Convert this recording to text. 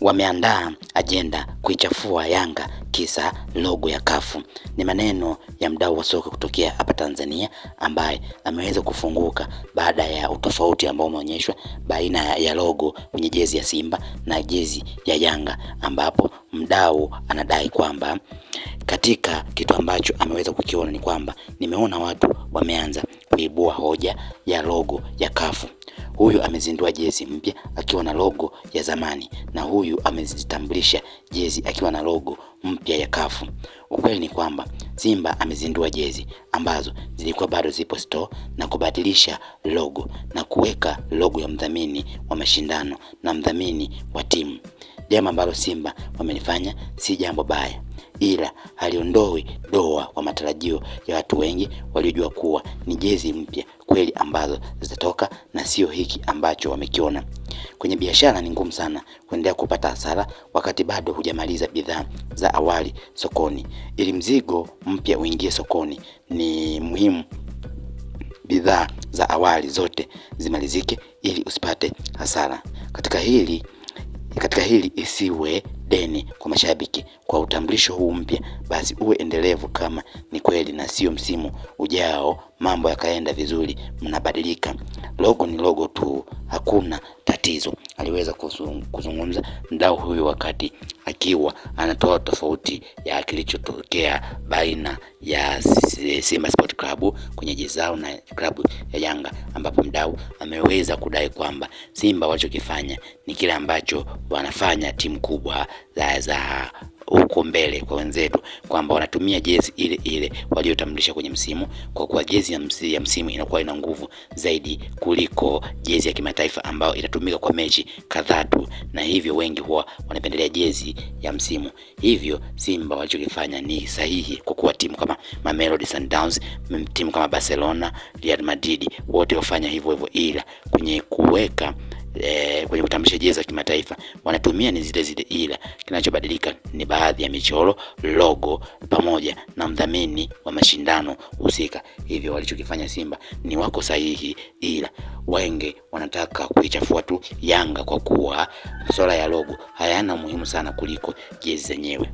wameandaa ajenda kuichafua Yanga kisa logo ya kafu. Ni maneno ya mdau wa soka kutokea hapa Tanzania ambaye ameweza kufunguka baada ya utofauti ambao umeonyeshwa baina ya logo kwenye jezi ya Simba na jezi ya Yanga, ambapo mdau anadai kwamba katika kitu ambacho ameweza kukiona ni kwamba nimeona watu wameanza kuibua hoja ya logo ya kafu Huyu amezindua jezi mpya akiwa na logo ya zamani na huyu amezitambulisha jezi akiwa na logo mpya ya kafu. Ukweli ni kwamba Simba amezindua jezi ambazo zilikuwa bado zipo store na kubadilisha logo na kuweka logo ya mdhamini wa mashindano na mdhamini wa timu, jambo ambalo Simba wamelifanya si jambo baya, ila haliondoi doa kwa matarajio ya watu wengi waliojua kuwa ni jezi mpya kweli ambazo zitatoka na sio hiki ambacho wamekiona. Kwenye biashara ni ngumu sana kuendelea kupata hasara wakati bado hujamaliza bidhaa za awali sokoni. Ili mzigo mpya uingie sokoni, ni muhimu bidhaa za awali zote zimalizike ili usipate hasara. Katika hili katika hili isiwe deni kwa mashabiki kwa utambulisho huu mpya, basi uwe endelevu kama ni kweli, na sio msimu ujao mambo yakaenda vizuri mnabadilika. Logo ni logo tu, hakuna tatizo, aliweza kuzungumza mdau huyu wakati akiwa anatoa tofauti ya kilichotokea baina ya Simba klabu kwenye jezi zao na klabu ya Yanga, ambapo mdau ameweza kudai kwamba Simba walichokifanya ni kile ambacho wanafanya timu kubwa za za huko mbele kwa wenzetu kwamba wanatumia jezi ile ile waliotambulisha kwenye msimu, kwa kuwa jezi ya msimu, ya msimu inakuwa ina nguvu zaidi kuliko jezi ya kimataifa ambayo itatumika kwa mechi kadhaa tu, na hivyo wengi huwa wanapendelea jezi ya msimu. Hivyo Simba walichokifanya ni sahihi, kwa kuwa timu kama Mamelodi Sundowns, timu kama Barcelona, Real Madrid wote wafanya hivyo hivyo, ila kwenye kuweka e, kwenye kutambulisha jezi za kimataifa wanatumia ni zile zile, ila kinachobadilika ni baadhi ya michoro, logo pamoja na mdhamini wa mashindano husika. Hivyo walichokifanya Simba ni wako sahihi, ila wenge wanataka kuichafua tu Yanga kwa kuwa masuala ya logo hayana muhimu sana kuliko jezi zenyewe.